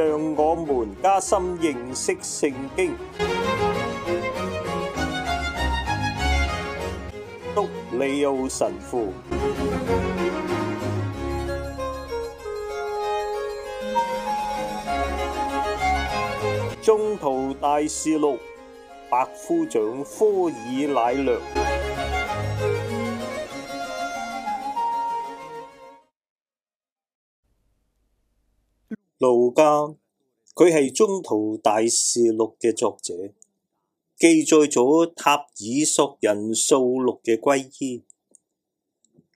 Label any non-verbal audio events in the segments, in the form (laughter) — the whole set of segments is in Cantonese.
讓我們加深認識聖經。 (music) 督利奧神父、 (music) 宗徒大事錄、白夫長科爾乃略。路加，佢係《宗徒大事錄》嘅作者，記載咗塔爾索人掃祿嘅皈依。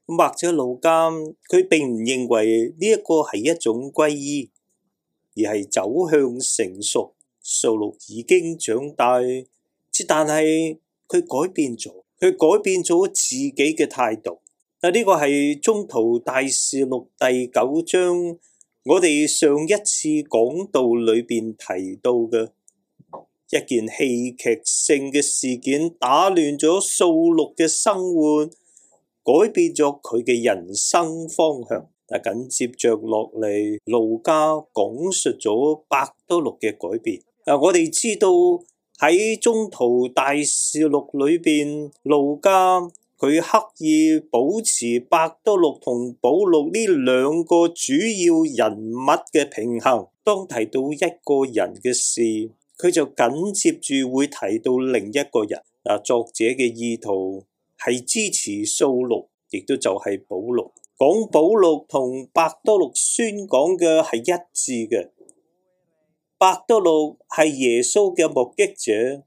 或者路加佢並唔認為呢一個係一種皈依，而係走向成熟。掃祿已經長大，即但係佢改變咗，佢改變咗自己嘅態度。啊，呢個係《宗徒大事錄》第九章。我哋上一次講到裏邊提到嘅一件戲劇性嘅事件，打亂咗掃祿嘅生活，改變咗佢嘅人生方向。但緊接着落嚟，路加講述咗保祿嘅改變。啊，我哋知道喺宗徒大事錄裏邊，路加，佢刻意保持伯多祿同保祿呢兩個主要人物嘅平衡。當提到一個人嘅事，佢就緊接住會提到另一個人。嗱，作者嘅意圖係支持掃祿，亦都就係保祿，講保祿同伯多祿宣講嘅係一致嘅。伯多祿係耶穌嘅目擊者，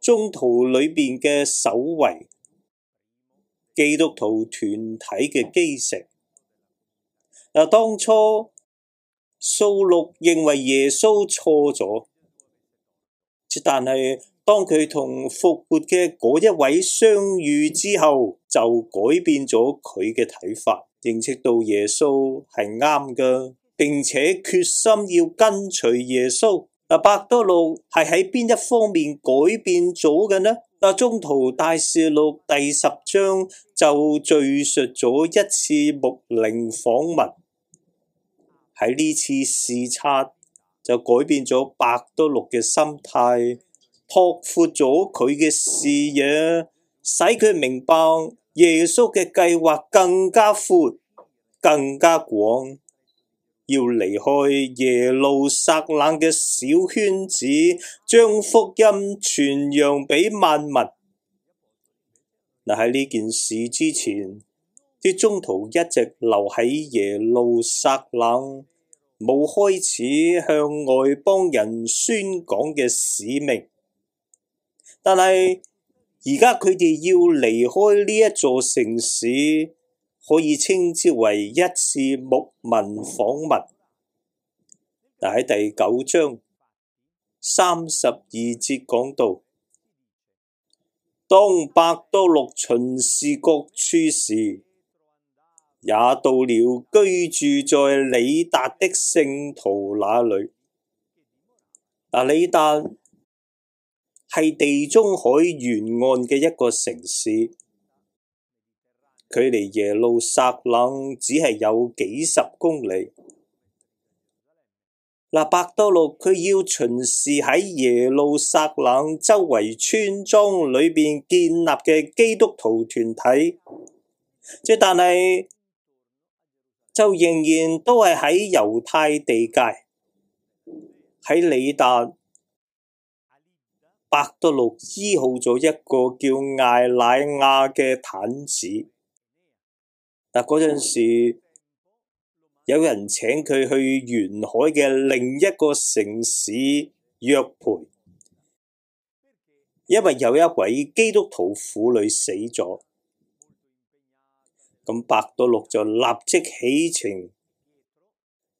宗徒裏邊嘅首位。基督徒團體嘅基石。嗱，當初掃祿認為耶穌錯咗，但係當佢同復活嘅嗰一位相遇之後，就改變咗佢嘅睇法，認識到耶穌係啱嘅，並且決心要跟隨耶穌。啊，伯多祿係喺邊一方面改變咗嘅呢？但宗徒大事錄第十章就敘述咗一次牧靈訪問。喺呢次視察，就改變咗伯多祿嘅心態，拓闊咗佢嘅視野，使佢明白耶穌嘅計劃更加闊、更加廣。要離開耶路撒冷嘅小圈子，將福音傳揚俾萬民。嗱，喺呢件事之前，啲中途一直留喺耶路撒冷，冇開始向外邦人宣講嘅使命。但係而家佢哋要離開呢一座城市。可以稱之為一次牧民訪問。但喺第九章三十二節講到，當伯多祿巡視各處時，也到了居住在里達的聖徒那裡。嗱，里達係地中海沿岸嘅一個城市。距離耶路撒冷只係有幾十公里。嗱，伯多祿佢要巡視喺耶路撒冷周圍村莊裏邊建立嘅基督徒團體，即但係就仍然都係喺猶太地界，喺里達。伯多祿醫好咗一個叫艾乃亞嘅癱子。嗱，嗰陣時有人請佢去沿海嘅另一個城市約培，因為有一位基督徒婦女死咗，咁伯多祿就立即起程，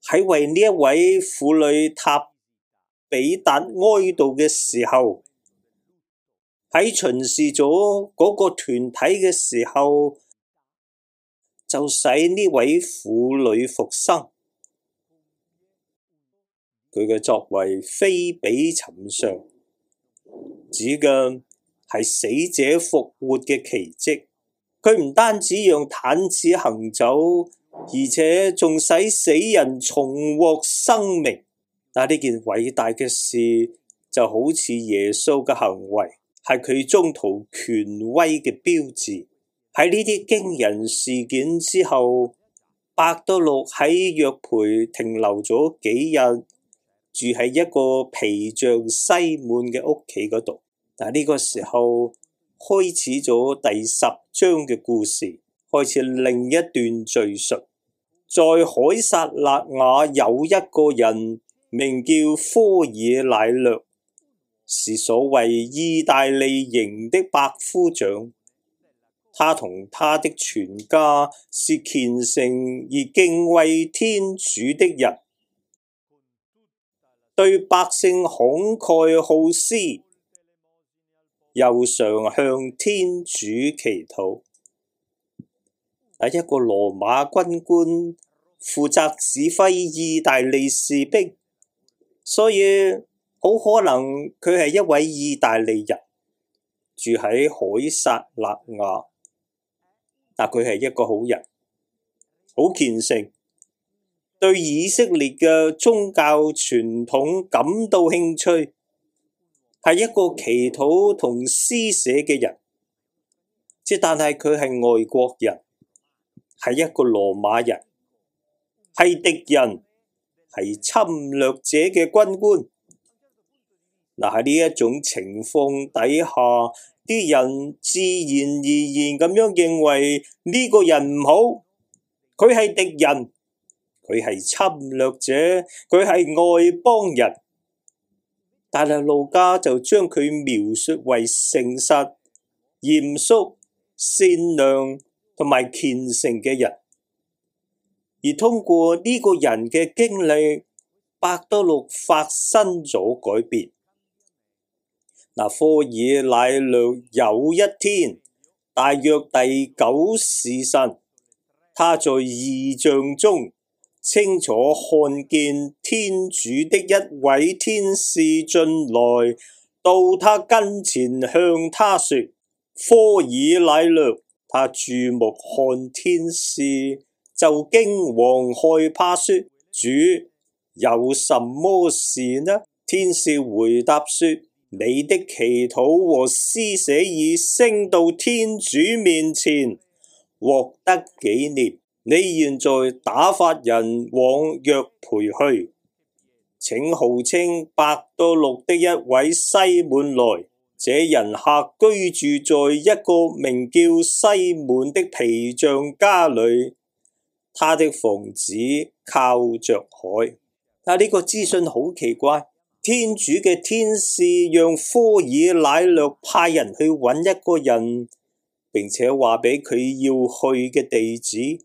喺為呢一位婦女塔比達哀悼嘅時候，喺巡視咗嗰個團體嘅時候。就使呢位婦女復生，佢嘅作為非比尋常，指嘅係死者復活嘅奇迹。佢唔單止讓癱子行走，而且仲使死人重獲生命。但呢件偉大嘅事就好似耶穌嘅行為，係佢宗徒權威嘅標誌。喺呢啲驚人事件之後，伯多祿喺約培停留咗幾日，住喺一個皮匠西滿嘅屋企嗰度。但呢個時候開始咗第十章嘅故事，開始另一段敘述。在海撒勒雅有一個人名叫科爾乃略，是所謂意大利營的百夫長。他同他的全家是虔誠而敬畏天主的人，對百姓慷慨好施，又常向天主祈禱。係一個羅馬軍官，負責指揮意大利士兵，所以好可能佢係一位意大利人，住喺凱撒勒雅。但佢係一個好人，好虔誠，對以色列嘅宗教傳統感到興趣，係一個祈禱同施捨嘅人。即但係佢係外國人，係一個羅馬人，係敵人，係侵略者嘅軍官。嗱，喺呢一種情況底下。啲人自然而然咁樣認為呢個人唔好，佢係敵人，佢係侵略者，佢係外邦人。但係路加就將佢描述為誠實、嚴肅、善良同埋虔誠嘅人，而通過呢個人嘅經歷，伯多祿發生咗改變。嗱，科爾乃略有一天，大約第九時辰，他在異象中清楚看見天主的一位天使進來到他跟前，向他說：科爾乃略，他注目看天使，就驚惶害怕說：主，有什麼事呢？天使回答說：你的祈禱和施捨已升到天主面前，獲得紀念。你現在打發人往約培去，請號稱伯多祿的一位西滿來。這人客居住在一個名叫西滿的皮匠家裏，他的房子靠着海。但呢個資訊好奇怪。天主嘅天使讓科爾乃略派人去揾一個人，並且話俾佢要去嘅地址。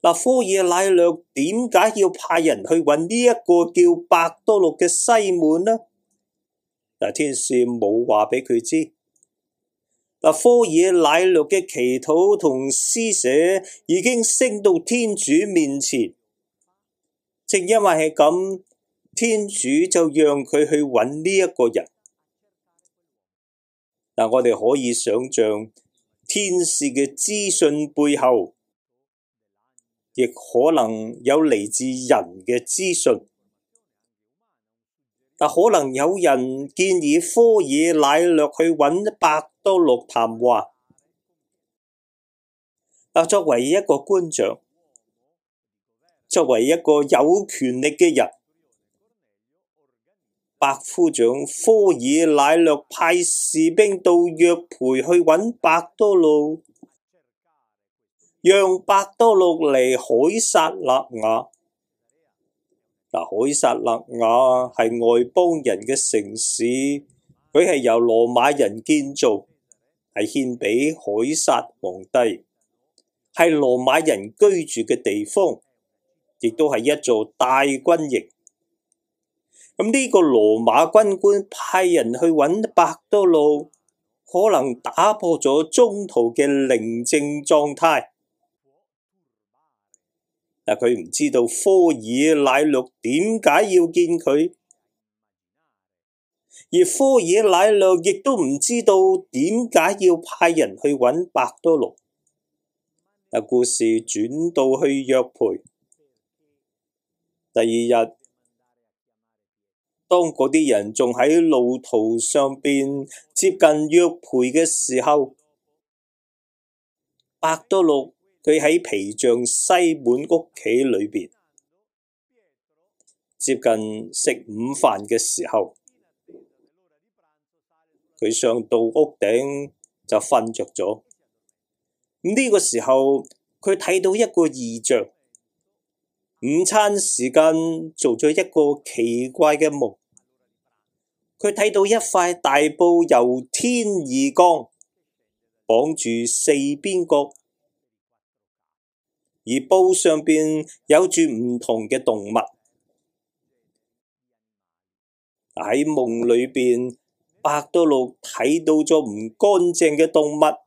嗱，科爾乃略點解要派人去揾呢一個叫伯多祿嘅西滿呢？嗱，天使冇話俾佢知。嗱，科爾乃略嘅祈禱同施捨已經升到天主面前，正因為係咁。天主就讓佢去揾呢一個人。但我哋可以想象，天使嘅資訊背後，亦可能有嚟自人嘅資訊。但可能有人建議科爾乃略去揾伯多禄談話。但作為一個官長，作為一個有權力嘅人。百夫長科爾乃略派士兵到約培去揾百多禄，讓百多禄嚟海撒利亞。嗱、啊，海撒利亞係外邦人嘅城市，佢係由羅馬人建造，係獻俾海撒皇帝，係羅馬人居住嘅地方，亦都係一座大軍營。咁呢個羅馬軍官派，派人去搵伯多禄，可能打破咗中途嘅寧靜狀態。但佢唔知道科爾乃略點解要見佢，而科爾乃略亦都唔知道點解要派人去搵伯多禄。嗱，故事轉到去約培，第二日。當嗰啲人仲喺路途上邊接近約培嘅時候，伯多祿佢喺皮匠西滿屋企裏邊接近食午飯嘅時候，佢上到屋頂就瞓着咗。呢、這個時候佢睇到一個異象，午餐時間做咗一個奇怪嘅夢。佢睇到一塊大布由天而降，綁住四邊角，而布上邊有住唔同嘅動物。喺夢裏邊，伯多祿睇到咗唔乾淨嘅動物，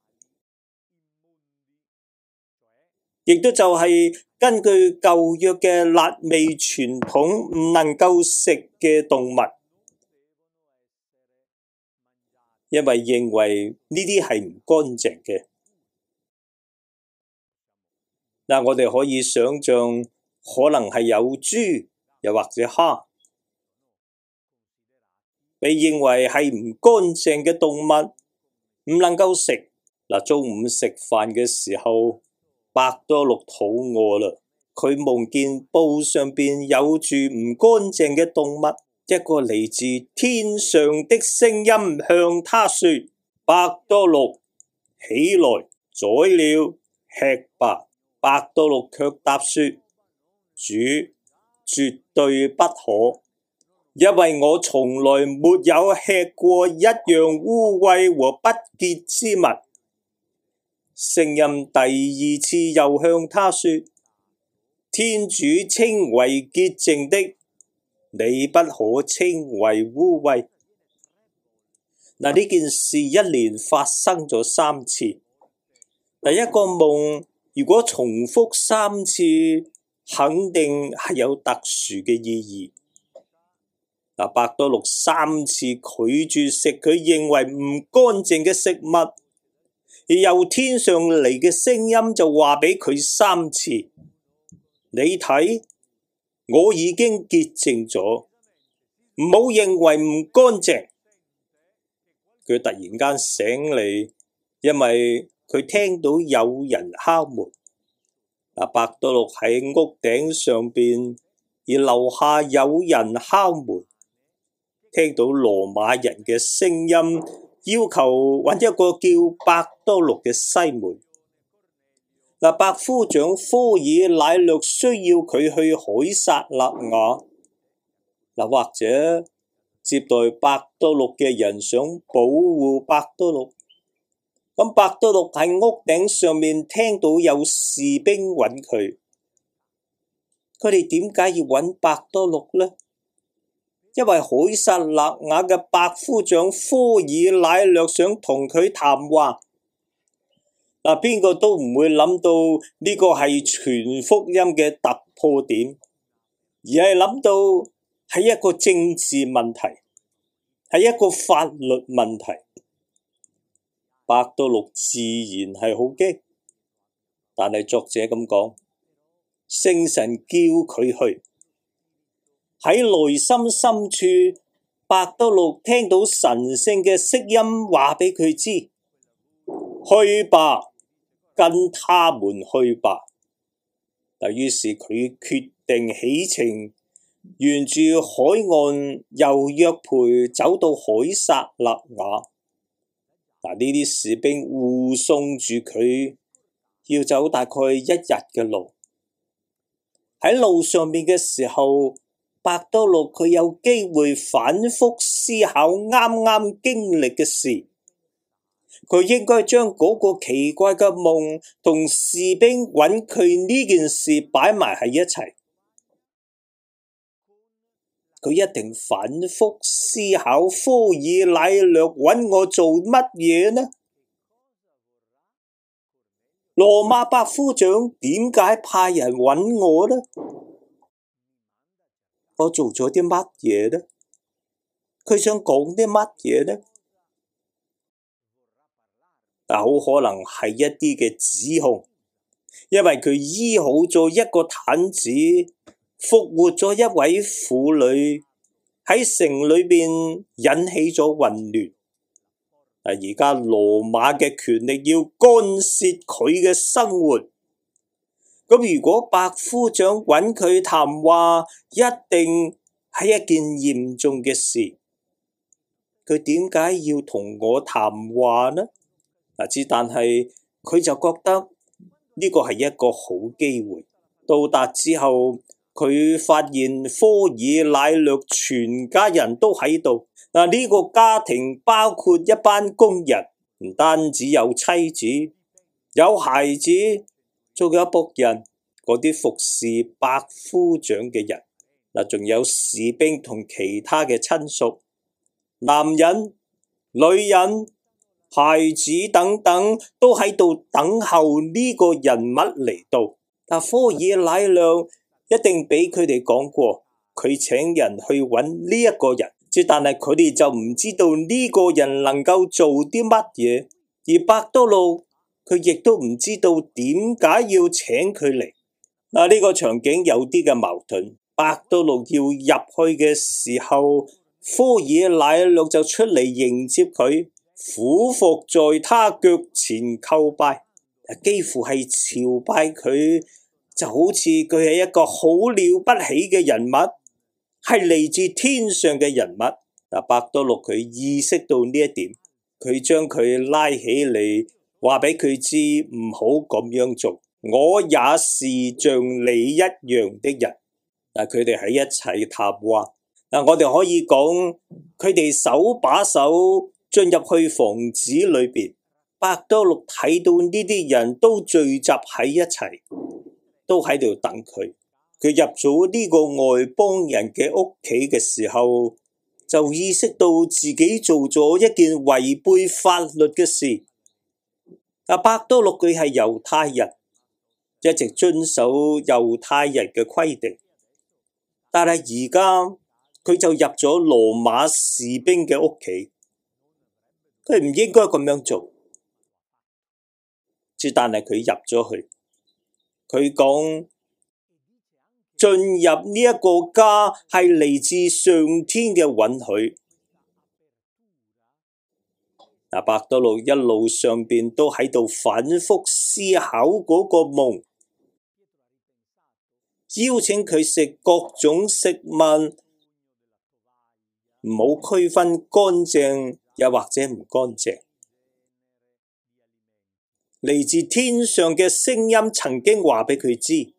亦都就係根據舊約嘅肋未傳統，唔能夠食嘅動物。因為認為呢啲係唔乾淨嘅，嗱，我哋可以想象可能係有豬，又或者蝦，被認為係唔乾淨嘅動物，唔能夠食。嗱，中午食飯嘅時候，伯多祿肚餓啦，佢夢見布上邊有住唔乾淨嘅動物。一個嚟自天上的聲音向他說：伯多祿，起來宰了吃吧。伯多祿卻答說：主絕對不可，因為我從來沒有吃過一樣污穢和不潔之物。聲音第二次又向他說：天主稱為潔淨的。你不可稱為污穢。嗱，呢件事一連發生咗三次。第一個夢如果重複三次，肯定係有特殊嘅意義。嗱，伯多祿三次拒絕食佢認為唔乾淨嘅食物，而由天上嚟嘅聲音就話俾佢三次。你睇。我已經潔淨咗，唔好認為唔乾淨。佢突然間醒嚟，因為佢聽到有人敲門。阿伯多祿喺屋頂上邊，而樓下有人敲門，聽到羅馬人嘅聲音，要求揾一個叫伯多祿嘅西門。白夫長科爾乃略需要佢去海撒勒雅，或者接待百多祿嘅人，想保護百多祿。咁百多祿喺屋頂上面聽到有士兵揾佢，佢哋點解要揾百多祿呢？因為海撒勒雅嘅百夫長科爾乃略想同佢談話。嗱，邊個都唔會諗到呢個係全福音嘅突破點，而係諗到係一個政治問題，係一個法律問題。伯多祿自然係好驚，但係作者咁講，聖神叫佢去。喺內心深處，伯多祿聽到神聖嘅聲音話俾佢知，去吧。跟他們去吧。嗱，於是佢決定起程，沿住海岸又約陪走到海撒勒雅。嗱，呢啲士兵護送住佢，要走大概一日嘅路。喺路上面嘅時候，伯多祿佢有機會反覆思考啱啱經歷嘅事。佢應該將嗰個奇怪嘅夢同士兵搵佢呢件事擺埋喺一齊。佢一定反覆思考呼：科爾乃略搵我做乜嘢呢？羅馬百夫長點解派人搵我呢？我做咗啲乜嘢呢？佢想講啲乜嘢呢？但好可能係一啲嘅指控，因為佢醫好咗一個癱子，復活咗一位婦女，喺城裏邊引起咗混亂。而家羅馬嘅權力要干涉佢嘅生活，咁如果百夫長揾佢談話，一定係一件嚴重嘅事。佢點解要同我談話呢？嗱，之但係佢就覺得呢個係一個好機會。到達之後，佢發現科爾乃略全家人都喺度。嗱，呢個家庭包括一班工人，唔單止有妻子、有孩子，仲有僕人，嗰啲服侍百夫長嘅人。嗱，仲有士兵同其他嘅親屬，男人、女人。孩子等等都喺度等候呢個人物嚟到。啊，科爾乃略一定俾佢哋講過，佢請人去揾呢一個人，即但係佢哋就唔知道呢個人能夠做啲乜嘢，而伯多祿佢亦都唔知道點解要請佢嚟。嗱，這，呢個場景有啲嘅矛盾，伯多祿要入去嘅時候，科爾乃略就出嚟迎接佢。俯伏在他腳前叩拜，幾乎係朝拜佢，就好似佢係一個好了不起嘅人物，係嚟自天上嘅人物。嗱，伯多祿，佢意識到呢一點，佢將佢拉起嚟，話俾佢知唔好咁樣做。我也是像你一樣的人，但佢哋喺一齊談話。嗱，我哋可以講佢哋手把手。進入去房子裏邊，伯多祿睇到呢啲人都聚集喺一齊，都喺度等佢。佢入咗呢個外邦人嘅屋企嘅時候，就意識到自己做咗一件違背法律嘅事。啊，伯多祿佢係猶太人，一直遵守猶太人嘅規定，但係而家佢就入咗羅馬士兵嘅屋企。佢唔應該咁樣做，只但係佢入咗去。佢講進入呢一個家係嚟自上天嘅允許。阿伯多祿一路上面都喺度反覆思考嗰個夢，邀請佢食各種食物，唔好區分乾淨，又或者唔乾淨，嚟自天上嘅聲音曾經話俾佢知，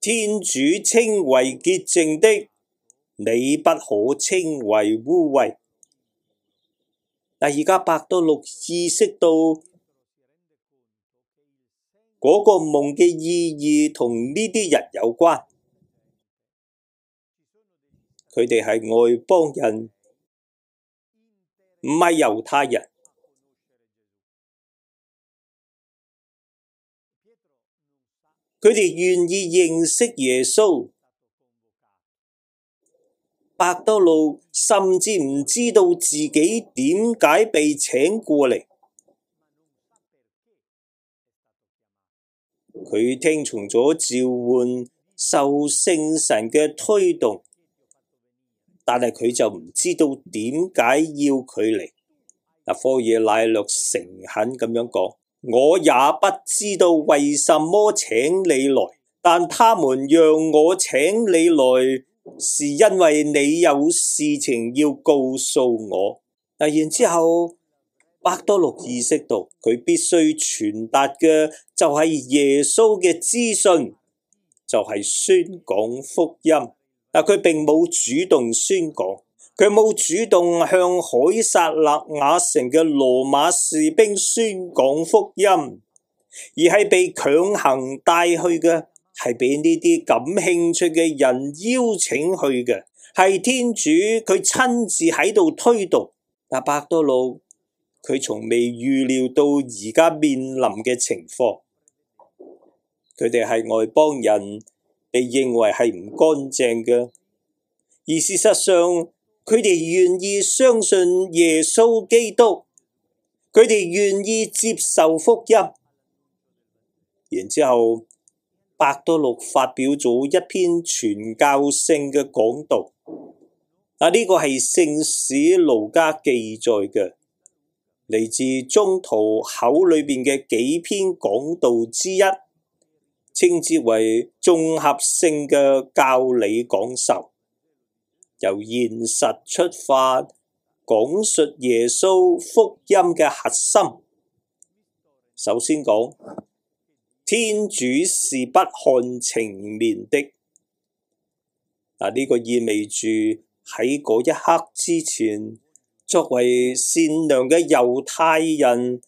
天主稱為潔淨的，你不可稱為污穢。但而家伯多祿意識到嗰個夢嘅意義同呢啲人有關。佢哋係外邦人，唔係猶太人。佢哋願意認識耶穌。伯多祿甚至唔知道自己點解被請過嚟。佢聽從咗召喚，受聖神嘅推動。但係佢就唔知道點解要佢嚟。嗱，科爾乃略誠懇咁樣講：我也不知道為什麼請你來，但他們讓我請你來，是因為你有事情要告訴我。嗱，然之後，伯多祿意識到佢必須傳達嘅就係耶穌嘅資訊，就係、是、宣講福音。但佢並冇主動宣講，佢冇主動向凱撒利亞城嘅羅馬士兵宣講福音，而係被強行帶去嘅，係俾呢啲感興趣嘅人邀請去嘅，係天主佢親自喺度推動。但伯多祿佢從未預料到而家面臨嘅情況，佢哋係外邦人。被認為係唔乾淨嘅，而事實上佢哋願意相信耶穌基督，佢哋願意接受福音。然之後，伯多禄發表咗一篇傳教性嘅講道。嗱，呢個係聖史路加記載嘅，嚟自宗徒口裏邊嘅幾篇講道之一。稱之為綜合性嘅教理講授，由現實出發，講述耶穌福音嘅核心。首先講，天主是不看情面的，嗱，呢個意味住喺嗰一刻之前，作為善良嘅猶太人，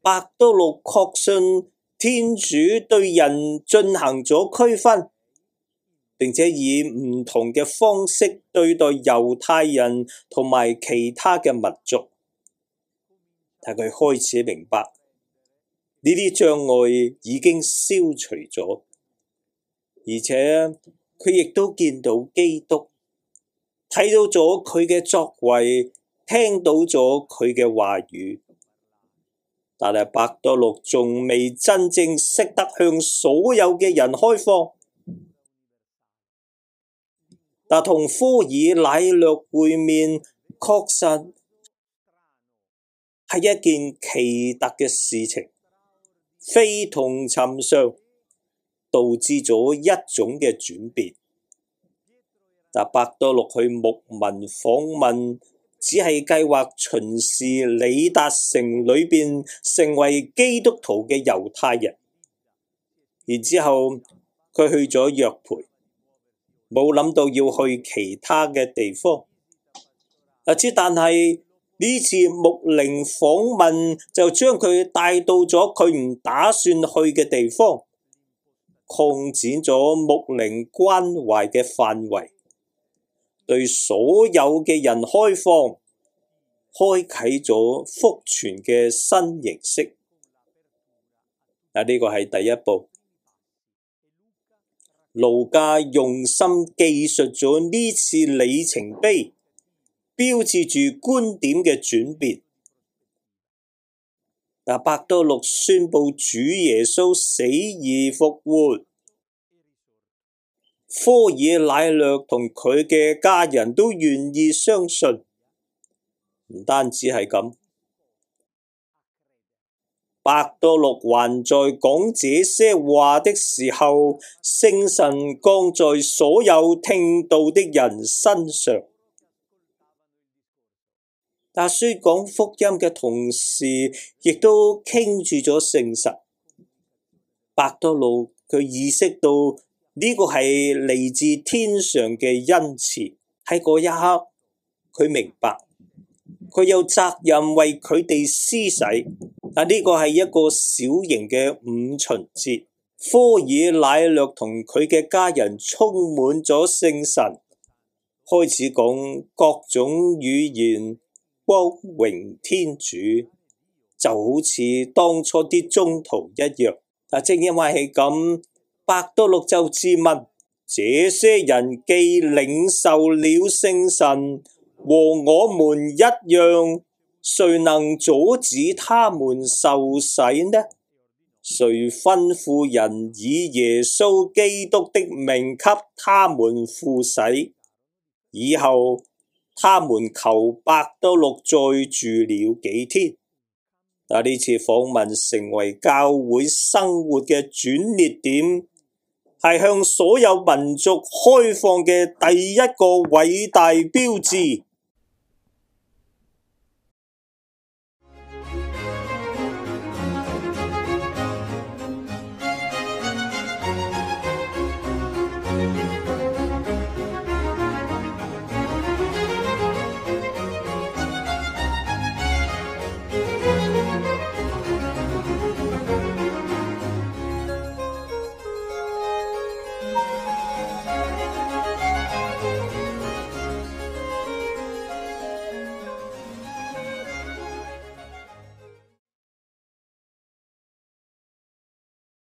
伯多祿確信。天主對人進行咗區分，並且以唔同嘅方式對待猶太人同埋其他嘅民族。但佢開始明白，呢啲障礙已經消除咗，而且佢亦都見到基督，睇到咗佢嘅作為，聽到咗佢嘅話語。但係，白多祿仲未真正識得向所有嘅人開放。但同呼爾禮略會面，確實係一件奇特嘅事情，非同尋常，導致咗一種嘅轉變。但白多祿去牧民訪問。只係計劃巡視里達城裏邊，成為基督徒嘅猶太人，然之後佢去咗約培，冇諗到要去其他嘅地方。嗱，之但係呢次牧靈訪問就將佢帶到咗佢唔打算去嘅地方，擴展咗牧靈關懷嘅範圍。對所有嘅人開放，開啟咗福傳嘅新形式。嗱，呢個係第一步。路加用心記述咗呢次里程碑，標誌住觀點嘅轉變。嗱，伯多祿宣佈主耶穌死而復活。科爾乃略同佢嘅家人都願意相信，唔單止係咁。百多祿還在講這些話的時候，聖神降在所有聽到的人身上。但係說講福音嘅同時，亦都傾住咗聖神。百多祿佢意識到。呢個係嚟自天上嘅恩賜。喺嗰一刻，佢明白佢有責任為佢哋施洗。啊，呢個係一個小型嘅五旬節。科爾奈略同佢嘅家人充滿咗聖神，開始講各種語言，光榮天主，就好似當初啲宗徒一樣。啊，正因為係咁。百多祿就自問：「這些人既領受了聖神，和我們一樣，誰能阻止他們受洗呢？誰吩咐人以耶穌基督的名給他們付洗？以後他們求百多祿再住了幾天。但呢次訪問成為教會生活嘅轉捩點。係向所有民族開放嘅第一個偉大標誌。